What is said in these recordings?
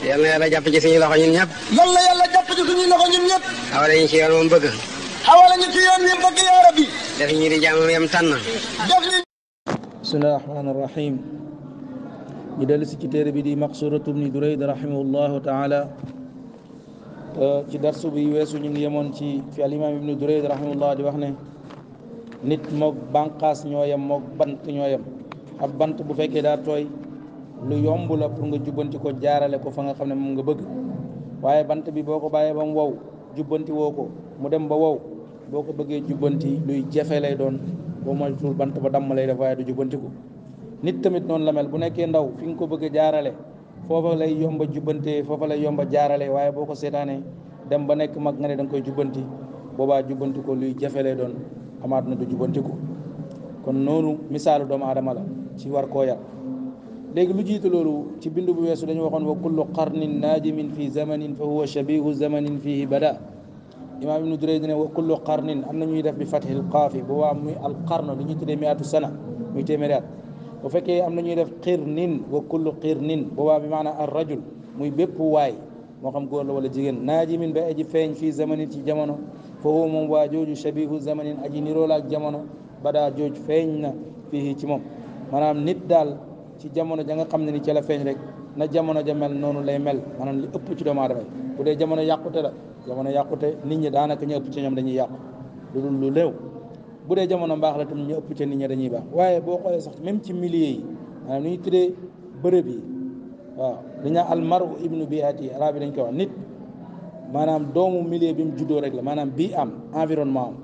Yalla yalla yàlla jàpp ci suñu loxo ñun ñëpp yal na yàlla ci suñu loxo ñun ñëpp xawale ñu ci yoon moom bëgg xawale ñu ci yoon bëgg rabbi def ñi di yam rahim ñu dellu ci bi di maqsuratu bni durayd rahimahullahu taala eh, ci darsu bi weesu ñu ngi yemoon ci fi al imam ibnu durayd rahimahullah di wax ne nit moog bànqaas ñoo yem bant ab bant bu lu yomb la pour nga jubbanti ko jaarale ko fa nga xam ne moom nga bëgg waaye bant bi boo ko bàyyee ba mu wow jubbanti woo ko mu dem ba wow boo ko bëggee jubbanti luy jafe lay doon boo moytuwul bant ba damm lay def waaye du jubbanti ko nit tamit noonu la mel bu nekkee ndaw fi nga ko bëgg jaarale foofa lay yomba jubbantee foofa lay yomba jaarale waaye boo ko seetaanee dem ba nekk mag nga ne da koy jubbanti boobaa jubbanti ko luy jafe lay doon amaat na du jubbanti ko kon noonu misaalu doomu aadama la ci war koo yar léegi lu jiitu loolu ci bind bu weesu dañu waxoon wa kullu qarnin naajimin fi zamanin fa huwa shabihu zamanin fihi bada imaam ibnu dureyd ne wa kullu qarnin am na ñuy def bi fathil qaafi bu waa muy al qarn li ñuy tuddee miatu sana muy téeméeri at bu fekkee am na ñuy def qirnin wa kullu qirnin boobaa bi maanaa ar rajul muy bépp waay moo xam góor la wala jigéen naajimin ba aji feeñ fii zamanin ci jamono fa huwa moom waa jooju shabihu zamanin aji niroolaak jamono badaa jooj feeñ na fii ci moom maanaam nit daal ci jamono ja nga xam ne ni ci la feeñ rek na jamono ja mel noonu lay mel maanaam li ëpp ci doomu aadama bu dee jamono yàqute la jamono yàqute nit ñi daanaka ñu ëpp ci ñoom dañuy yàqu lu dul bu dee jamono mbaax la tam ñu ëpp ci nit dañuy baax waaye boo xoolee sax même ci milliers yi maanaam ni ñu tuddee bërëb yi waaw dañaa almaru ibnu biati arab yi dañ koy wax nit maanaam doomu milieu bi mu juddoo maanaam bii am environnement am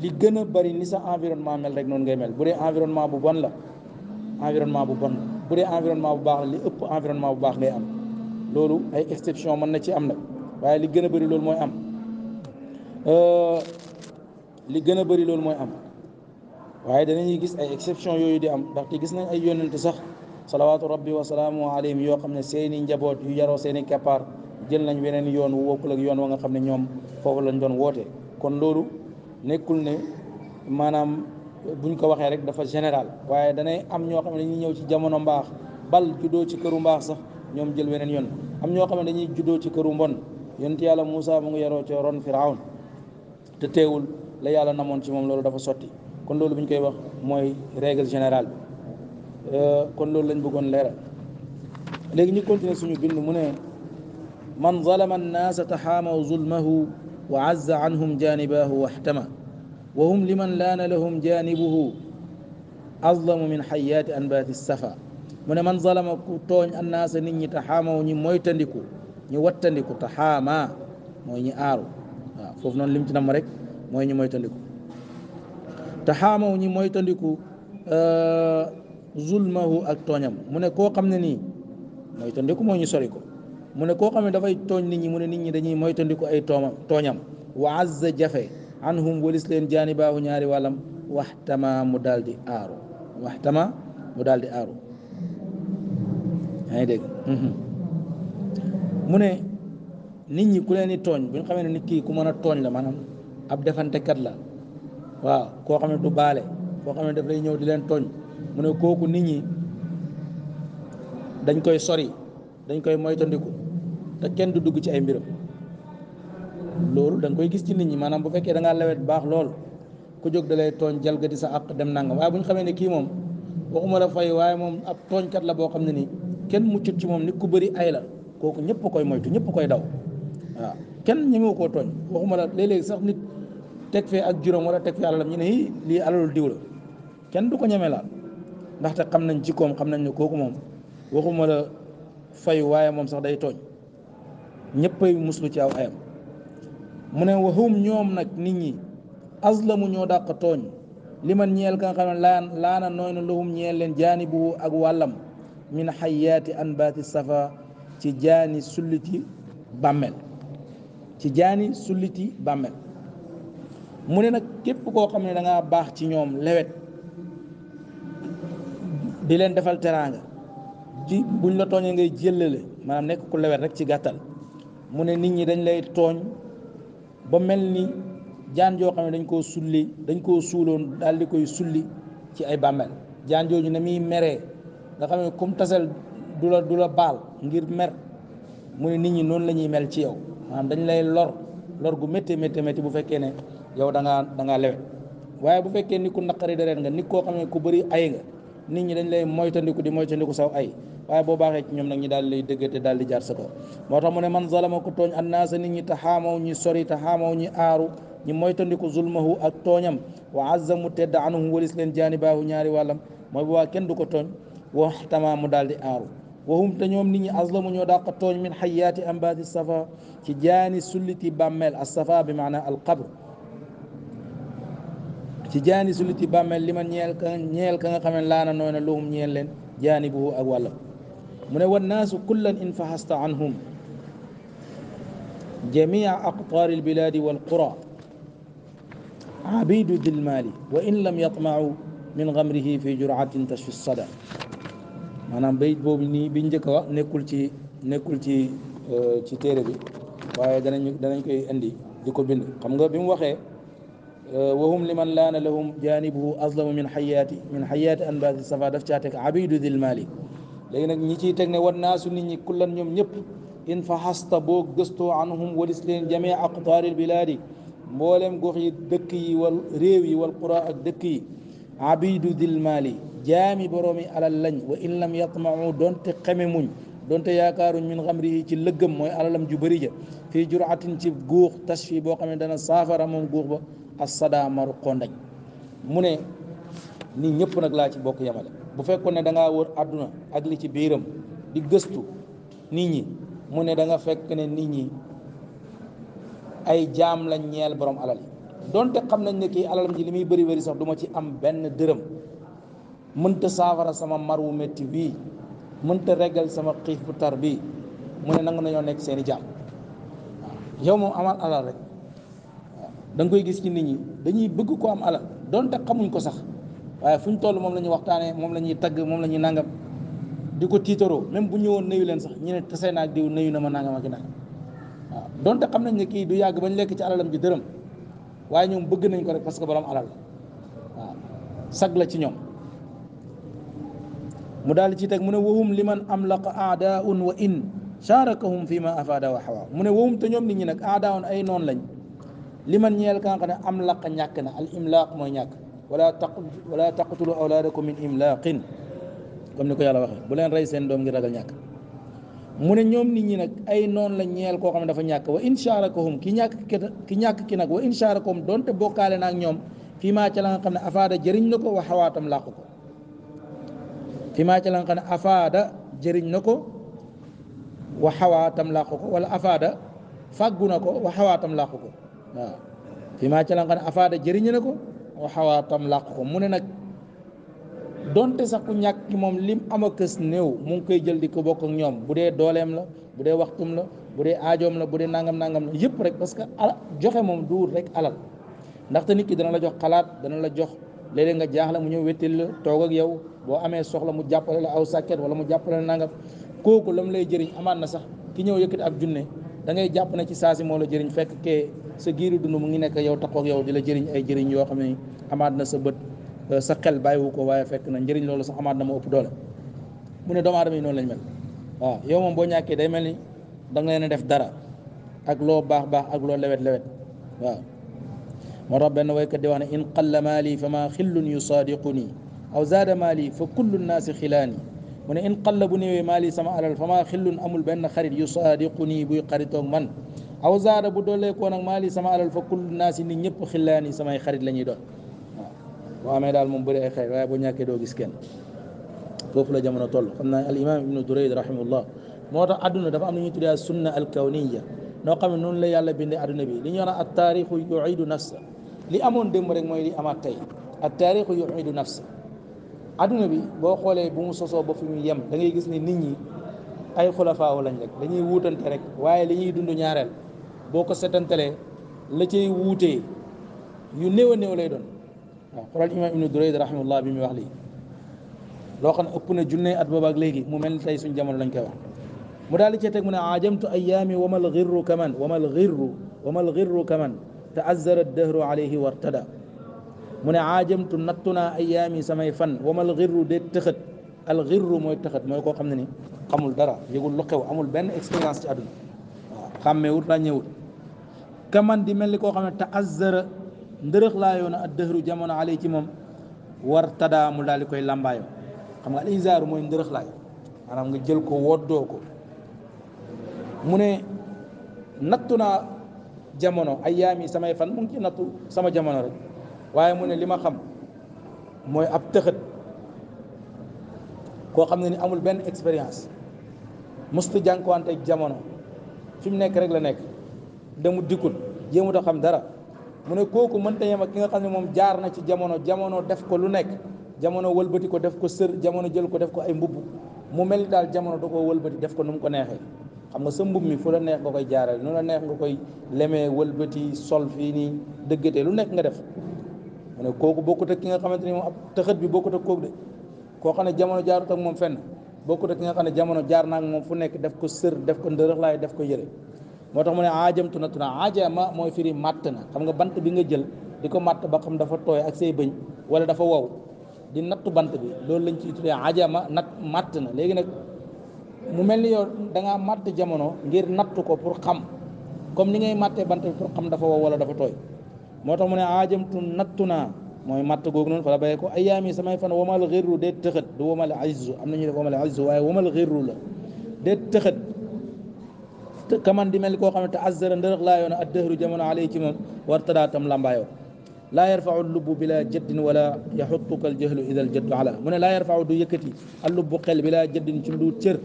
li gën a bari ni sa environnement mel rek noonu ngay mel bu dee environnement bu bon la environnement bu bon bu dee environnement bu baax la li ëpp environnement bu baax ngay am loolu ay exception mën na ci am nag waaye li gën a bëri loolu mooy am euh, li gën a bëri loolu mooy am waaye danañuy gis ay exception yooyu di am ndax ndaxte gis nañ ay yónnent sax salawaatu rabbi wa salaamu alayhim yoo xam ne seeni njaboot yu yaroo seeni keppaar jël nañ weneen yoon wu wokkul ak yoon wa nga xam ne ñoom foofu lañ doon woote kon loolu nekkul ne maanaam buñ ko waxee rek dafa général waaye danay am ñoo xam ne dañuy ñëw ci jamono mbaax bal juddoo ci këru mbaax sax ñoom jël weneen yoon am ñoo xam ne dañuy juddoo ci këru mbon yonent yàlla Moussa mu ngi yaroo ci ron firawn te teewul la yàlla namoon ci moom loolu dafa sotti kon loolu buñ koy wax mooy règle générale bi kon loolu lañ bëggoon leeral léegi ñu continuer suñu bind mu ne man zalama annaasa taxaamaw zulmahu wa azza anhum jaanibahu wahtama وهم لمن لان لهم جانبه أظلم من حيات أنبات السفا من من ظلم كتون الناس ني تحاما وني مويتندكو ني واتندكو تحاما موي ني آرو فوف نون لمتي نام رك موي ني مويتندكو تحاما وني مويتندكو zulmahu ak tooñam mu ne koo xam ne nii moytandiku moo ñu sori ko mu ne koo xam ne dafay tooñ nit ñi mu ne nit ñi dañuy moytandiku ay tooñam wa azza jafe anhum walis leen jaanibaahu ñaari wàllam waxtama mu daal di aaru waxtama mu daal aaru yaa ngi dégg mhm. mu ne nit ñi ku leen di tooñ bu ñu xamee ne nit kii ku mën a tooñ la maanaam ab defantekat la waaw koo xam ne du baale koo xam ne lay ñëw di leen tooñ mu ne kooku nit ñi dañ koy sori dañ koy moytandiku te kenn du dugg ci ay mbiram loolu da koy gis ci nit ñi maanaam bu fekkee da ngaa lewet baax lool ku jóg da tooñ jalgati sa àq dem nangam waaye bu ñu xamee ne kii moom waxuma la fay waaye moom ab tooñkat la boo xam ne nii kenn muccut ci moom nit ku bëri ay la kooku ñëpp koy moytu ñëpp koy daw waaw kenn ñemewu koo tooñ waxuma la léeg-léeg sax nit teg fee ak juróom wala teg fee ñu ne lii alalul diw la kenn du ko ñeme laal ndaxte xam nañ jikkoom xam nañ ne kooku moom waxuma la fay waaye moom sax day tooñ ñëppay muslu ci aw ayam mu ne waxum ñoom nag nit ñi azlamu ñoo dàq tooñ li man ñeel ka nga xam ne laan laana leen jaani bu ak wàllam min xayaati anbaati safa ci jaani sulliti jaani sulliti bàmmel mu ne nag képp koo xam ne danga baax ci ñoom lewet di leen defal teraanga ci buñ la tooñee ngay jëllale maanaam nekk ku lewet rek ci gàttal mu ne nit ñi dañ lay tooñ ba mel ni jaan joo xam ne dañ koo sulli dañ koo suuloon daal di koy sulli ci ay bàmmeel jaan jooju ne muy meree nga xam ne comme tasel du la du la baal ngir mer mu ne nit ñi noonu la ñuy mel ci yow maanaam dañ lay lor lor gu méttee méttee métti bu fekkee ne yow da ngaa da ngaa lewet waaye bu fekkee ni ku naqari deret nga nit koo xam ne ku bari ay nga nit ñi dañ lay moytandiku di moytandiku saw ay waaye boo baaxee ñoom nag ñi daal lay dëggate daal di jaar sa kaw moo tax mu ne man zalama ku tooñ annaasa nit ñi taxaamaw ñi sori taxaamaw ñi aaru ñi moytandiku zulmahu ak tooñam wa azza mu kenn du ko tooñ mu daal di aaru waxum te ñoom nit ñi azlamu ñoo dàq tooñ min xayaati ambaati safa ci jaani sulliti bàmmeel as safa bi maana al qabr ci jaani sulliti bàmmeel li ma ñeel ka ñeel ka nga xam ne na luhum ñeel leen jaanibuhu ak wàllam mu ne wannaasu kullan in fahasta anhum jamiica aqtaari albilaadi walqura cabiidu di lmaali wa in lam yatmacuu min gamrihi fi jurcatin tashfi sada maanaam bayit boobu nii bi njëkk a wax nekkul ci nekkul ci ci téere bi waaye danañ danañ koy indi di ko bind xam nga bi mu waxee وهم لمن لان لهم جانبه أظلم من حياتي من حياة أنبات الصفا دفتاتك عبيد ذي المالك léegi nag ñi ciy teg ne wan naa su nit ñi kullan ñoom ñëpp in fa xasta boo gëstoo anhum walis leen jamee aqtaaril bilaadi mboolem gox yi dëkk yi wal réew yi wal qura ak dëkk yi abidu dil maali jaami boroomi alal lañ wa in lam yatmau donte xeme muñ donte yaakaaruñ min xamrihi ci lëggam mooy alalam ju bëri ja fii juraatin ci guux tasfi boo xam ne dana saafara moom guux ba as sada maru kondañ mu ne nit ñepp nak la ci bokk yamale bu fekkone da nga wër aduna ak li ci biiram di gëstu nit ñi mu ne da nga fekk ne nit ñi ay jaam la ñeel borom alal yi donte xam nañ ne ki alalam ji limi bëri sax duma ci am benn mën ta safara sama maru metti metti mën ta regal sama xif bu tar bi mu ne nang nañoo nek seeni jaam yow moom amal alal rek da koy gis ci nit ñi dañuy bëgg ko am alal donte xamuñ ko sax waaye fu ñu toll moom la ñuy waxtaanee moom la ñuy tagg moom la ñuy nangam di ko tiitaroo même bu ñëwoon nuyu leen sax ñu ne tase naag diw nuyu na ma nangam ak i nangam donte xam nañ ne kii du yàgg bañ lekk ci alalam ji dërëm waaye ñoom bëgg nañ ko rek parce que borom alal waaw sag la ci ñoom mu daal di ci teg mu ne wahum liman amlaqa aadaun wa in sharakahum fi ma afada wa xawa mu ne wahum te ñoom nit ñi nag aadaun ay noon lañ liman ñeel ka nga xam ne amlaqa ñàkk na al imlaq mooy ñàkk wala taq wala taqtulu awlaadakum min imlaaqin comme ni ko yàlla waxee bu leen rey seen doom ngir ragal ñàkk mu ne ñoom nit ñi nag ay noon la ñeel koo xam ne dafa ñàkk wa incharakahum ki ñàkk ki ñàkk ki nag wa incharakahum donte bokkaale na ak ñoom fii maa ca la xam ne afaada jëriñ na ko wa xawaatam làqu ko fii maa ne afaada jëriñ na ko wa xawaatam làqu ko wala afaada fàggu na ko wa xawaatam làqu ko waaw maa ca la xam ne afaada jëriñ na ko waxawaa tam làq ko mu ne nag donte sax ku ñàkk moom lim am a kës néew mu ngi koy jël di ko bokk ñoom bu dee dooleem la bu dee waxtum la bu dee aajoom la bu dee nangam nangam la yëpp rek parce que ala joxe moom duur rek alal ndaxte nit ki dana la jox xalaat dana la jox léeg-léeg nga jaaxle mu ñëw wettil la toog ak yow boo amee soxla mu jàppale la aw sàkket wala mu jàppale la nangam kooku la mu lay jëriñ amaat na sax ki ñëw yëkkati ab junne da ngay jàpp ne ci saa si moo la jëriñ fekk kee sa giiru dund mu ngi nekk yow taxoog yow di la jariñ ay jëriñ yoo xam ne amaat na sa bët euh, sa xel bàyyiwu ko waaye fekk na njëriñ loolu sa amaat na mu ëpp doole mu ne doomu aadama yi noonu lañ mel waaw yow moom boo ñàkkee day mel ni da nga leen a def dara ak loo baax baax ak loo lewet lewet waaw moo tax benn waykat di wax ne in qalla maali fa ma xillun yusaadiquni aw zaada maali fa kullu nnaasi xilaani من إن قلبني مالي سما على الفما خل أمل بين خير يصادقني بي قريتون من أو زار بدولة كون مالي سما على الفكل الناس إن يب خلاني سما خير لني دون وأمير المبرة خير ويا بنيا كدو جسكن فوفلا جمعنا طول خلنا الإمام ابن دريد رحمه الله مورا أدنى دفع من يتريا السنة الكونية نقم نون لي على بند أدنى بي لين التاريخ يعيد نفسه لأمون دمرين ما يلي أما التاريخ يعيد نفسه adduna bi bo xolé bu mu soso ba fimu yem da ngay gis ni nit ñi ay khulafa wu lañ rek dañuy wutante rek waye li ñuy dundu ñaarel boko setantele la cey wuté yu néew néew lay doon waaw xoolal imam ibn Durayd rahimahullah bi mi wax li lo xam ne ëpp na junne at ak legi mu melni tay suñu jamono lañ koy wax mu dal ci tek mu ne ajamtu ayaami wamal ghirru kaman wamal xirru wamal ghirru kaman taazzara ad dahru alayhi wartada mu ne aajamtu nattu naa ayaami samay fan wamal xirru de tëxët al xirru mooy tëxët mooy koo xam ne ni xamul dara yëgul lu xew amul benn expérience ci àdduna waaw xàmmeewut ràññeewut kaman di mel ni koo xam ne ta azzara ndërëx laa yoona ad dëhru jamono alay ci moom war tadaa mu daal di koy làmbaayoo xam nga al izaaru mooy ndërëx laay maanaam nga jël ko woddoo ko mu ne nattu naa jamono ayaami samay fan mu ngi ci nattu sama jamono rek waaye mu ne li ma xam mooy ab tëxët koo xam ne ni amul benn expérience musta jànkuwante ak jamono fi mu nekk rek la nekk damu dikkul jéemut a xam dara mu ne kooku mënta yem ak ki nga xam ne moom jaar na ci jamono jamono def ko lu nekk jamono walbati ko def ko sër jamono jël ko def ko ay mbubb mu mel ni daal jamono da koo wëlbati def ko nu mu ko neexee xam nga sa mbubb mi fu la neex nga koy jaarale nu la neex nga koy lemee walbati sol fii nii dëggatee lu nekk nga def mu ne kooku bokkut ak ki nga xamante ni moom ab tëxët bi bokkut ak kooku de koo xam ne jamono jaarut ak moom fenn bokkut ak ki nga xam ne jamono jaar naa ak moom fu nekk def ko sër def ko ndërëx laay def ko yëre moo tax mu ne aajamtu na tuna aajama mooy firi màtt na xam nga bant bi nga jël di ko màtt ba xam dafa tooy ak say bëñ wala dafa wow di nattu bant bi loolu lañ ci tuddee aajama nat màtt na léegi nag mu mel ni yow da ngaa màtt jamono ngir natt ko pour xam comme ni ngay màttee bant bi pour xam dafa wow wala dafa tooy moo tax mu ne aajamtu nattu naa mooy matt googu noonu fa la bayee ko ayaami samay fan wamal xirru dee tëxët du wamal izzu am na ñu def wamal izzu waaye wamal xirru la dee tëxët kaman di mel ni koo xam ne te azzara ndërëx laa yoon ad dëhru jamono alay ci moom tam lambaayoo laa yarfau lubbu bila jaddin wala yaxutuka aljahlu ida aljaddu ala mu ne laa yarfau du yëkkati allubbu xel bila jaddin ci lu dul cër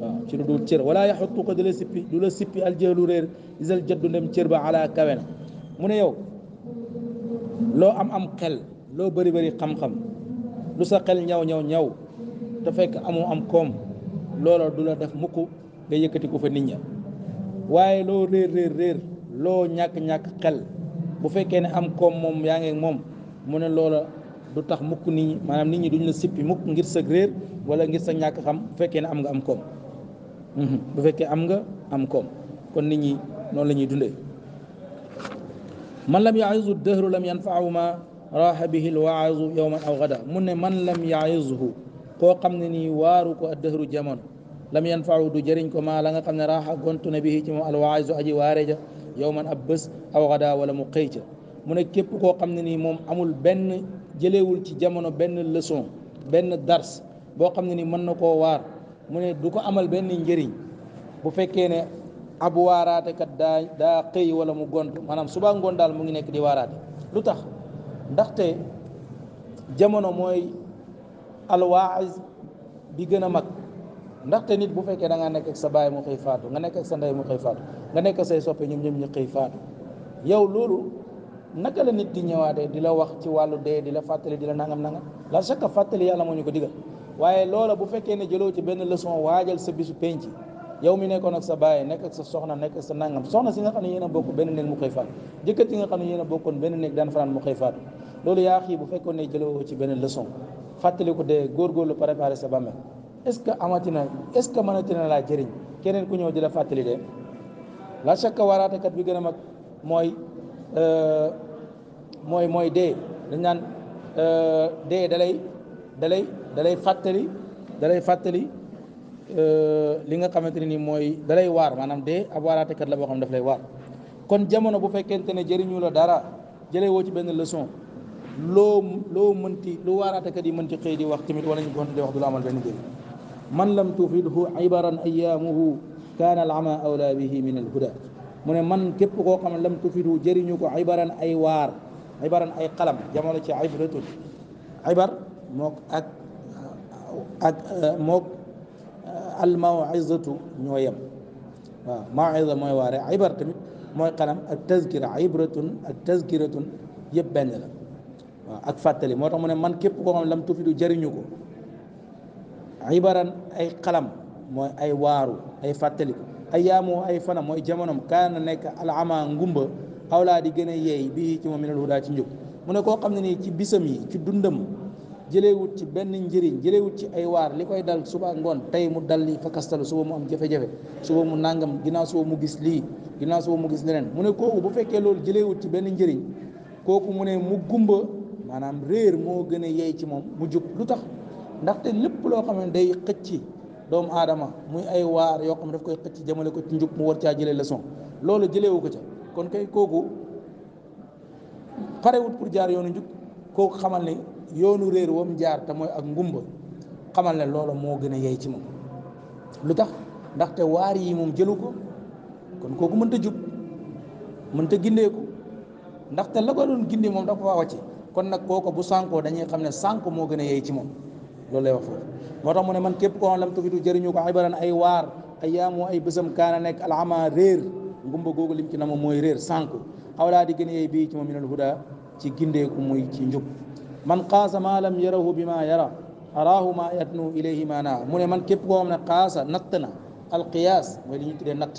waaw ci lu dul cër wala yaxutuka du la sippi du la sippi aljahlu réer loo am am xel loo bari bari xam-xam lu sa xel ñaw ñaw ñaw te fekk amoo am koom loola du la def mukk nga yëkkati ko fa nit ña waaye loo réer réer loo ñàkk-ñàkk xel bu fekkee ne am koom moom yaa ngi moom mu ne loola du tax mukk nii ñi maanaam nit ñi duñ la sippi mukk ngir sa réer wala ngir sa ñàkk xam bu fekkee ne am nga am koom mhm, bu fekkee am nga am koom kon nit ñi noonu la ñuy dundee man lam yaizu dëhru lam yanfaahu ma raaxa bihi lwaazu yowman aw gada mu ne man lam yaizhu koo xam ne nii waaru ko addëhru jamono lam yanfaahu du jëriñ ko maa la nga xam ne raaxa gontu na bihi ci moom alwaazu aji waareja yowman ab bés aw gada wala mu xëy ca mu ne képp koo xam ne nii moom amul benn jëleewul ci jamono benn leçon benn dars boo xam ne nii mën na koo waar mu ne du ko amal benn njëriñ bu fekkee ne ab waaraate kat daa daa xëy wala mu gont maanaam subaa ngoon daal mu ngi nekk di waaraate lu tax ndaxte jamono mooy alwaaiz bi gën a mag ndaxte nit bu fekkee da ngaa nekk ak sa baay mu xëy faatu nga nekk ak sa ndey mu xëy faatu nga nekk say soppe ñoom ñoom ñu xëy faatu yow loolu naka la nit di ñëwaatee di la wax ci wàllu dee di la fàttali di la nangam nangam la chaque fàttali yàlla moo ñu ko digal waaye loola bu fekkee ne jëloo ci benn leçon waajal sa bisu penc yow mi nekkoon ak sa baay nekk ak sa soxna nekk ak sa nangam soxna si nga xam ne yéen a bokk benn néeg mu koy faatu jëkkër si nga xam ne yéen a bokkoon benn néeg daan fanaan mu koy faatu loolu yaa xii bu fekkoon ne jëloo ci benn leçon fàttali ko dee góorgóorlu préparé sa bàmmeel est-ce que amatina est-ce que mënatina laa jëriñ keneen ku ñëw di la fàttali dee la chaque waaraatekat bi gën a mooy euh, mooy mooy dee dañ naan euh, dee dalay dalay dalay fàttali dalay fàttali Euh, li nga xamante ne ni mooy dalay waar maanaam de ab waaraatekat la boo xam daf lay waar kon jamono bu fekkente ne jëriñu la dara jële woo ci benn leçon loo loo mënti lu waaraatekat yi mën ci xëy di wax tamit wala ñu gont di wax du la amal benn jëriñ man lam tufidhu ibaran ayaamuhu kaana al ama awla bihi min al huda mu ne man képp koo xam ne lam tufidhu jëriñu ko ibaran ay waar ibaran ay xalam jamono ci ibratun ibar mook ak ak euh, mook al mawizatu ñoo yem waaw mawiza mooy waare ibar tamit mooy xanam ak tazkira ibratun ak tazkiratun yëpp benn la fàttali moo tax mu ne man képp ko xam ne lam tufidu jëriñu ko ibaran ay xalam mooy ay waaru ay fàttali ay yaamu ay fana mooy jamonom kaana nekk alama ngumba awlaa di gën a yeey bii ci moom minal hudaa ci njub mu ne koo xam ne nii ci bisam yi ci dundam jëleewut ci benn njëriñ jëleewut ci ay waar li koy dal suba ngoon tey mu dal li fakastalu suba mu am jafe-jafe suba mu nàngam ginnaaw suba mu gis lii ginnaaw suba mu gis leneen mu ne kooku bu fekkee loolu jëleewut ci benn njëriñ kooku mu ne mu gumba maanaam réer moo gën a yey ci moom mu jub lu tax ndaxte lépp loo xam ne day xëcc doomu aadama muy ay waar yoo xam daf koy xëcc jëmale ko ci njub mu war caa jëlee leçon loolu jëleewu ko ca kon kay kooku parewut pour jaar yoonu njub kooku xamal ni yoonu réer wam jaar te mooy ak ngumba xamal ne loola moo gën a yey ci moom lu tax ndaxte waar yi moom jëlu ko kon kooku mënta jub mënta gindeeku ndaxte la ko doon gindee moom dafa faa wàcce kon nag kooko bu sànkoo dañuy xam ne sànk moo gën a yey ci moom loolu lay wax foofu moo tax mu ne man képp koo xam lam tufitu jëriñu ko ibaran ay waar ay yaamoo ay bésam kaana nekk alama réer ngumba googu lim ci na mooy réer sànk xawlaa di gën a yey bii ci moom minal huda ci gindeeku muy ci njub man qaasa ma lam yarahu bima yara araahu ma yatnu ilayhi ma naa mu ne man képp koo xam ne qaasa natt na alqiyaas mooy li ñu tuddee natt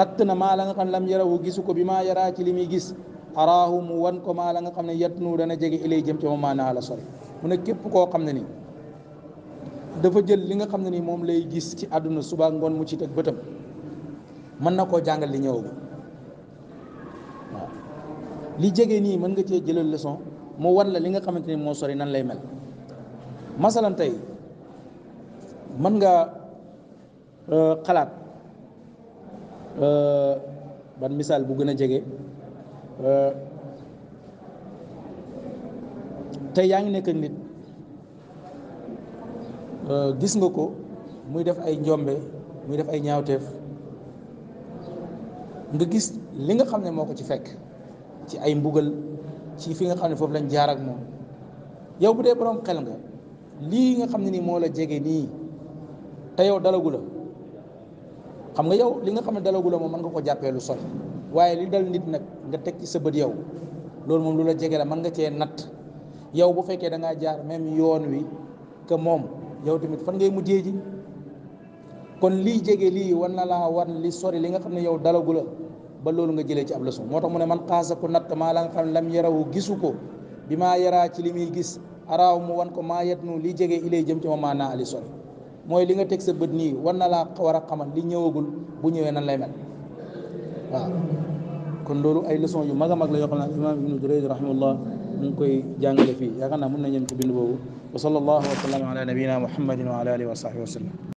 natt na maa la nga xam ne lam yarahu gisu ko bi maa yaraa ci li muy gis araahu mu wan ko maa la nga xam ne yatnu dana jege ilay jëm ci moom maa naa la sori mu ne képp koo xam ne nii dafa jël li nga xam ne nii moom lay gis ci àdduna suba ngoon mu ci teg bëtam mën na koo jàngal li ñëw waaw li jege nii mën nga cee jëlal leçon mu wan la li nga xamante ni moo sori nan lay mel masalan tey mën nga euh, xalaat euh, ban misaal bu gën a jege euh, tey yaa ngi nekk ak nit gis nga ko muy def ay njombe muy def ay ñaawteef nga gis li nga xam ne moo ko ci fekk ci ay mbugal ci fi nga xam ne foofu lañ jaar ak moom yow bu dee borom xel nga lii nga xam ne nii moo la jege nii te yow dalagu la xam nga yow li nga xam ne dalagu la moom mën nga ko jàppee lu sori waaye li dal nit nag nga teg ci sa bët yow loolu moom lu la jege la mën nga cee natt yow bu fekkee da ngaa jaar même yoon wi que moom yow tamit fan ngay mujjee ji kon lii jege lii war na laa war li sori li nga xam ne yow dalagu la. ba loolu nga jëlee ci ab leçon moo tax mu ne man xaasa ko natt maa la nga xam ne lam yarawu gisu ko bi maa yaraa ci li muy gis araaw mu wan ko maa yet nu li jege ilay jëm ci ma maa ali sori mooy li nga teg sa bët nii wan na laa war a xamal li ñëwagul bu ñëwee nan lay mel waaw kon loolu ay leçon yu mag a mag la yoo xam ne imam ibnu Jurayj rahimahullah mu ngi koy jàngale fii yaakaar naa mën na yem ci bind boobu wa sallallahu wa sallam ala nabiyina muhammadin wa ala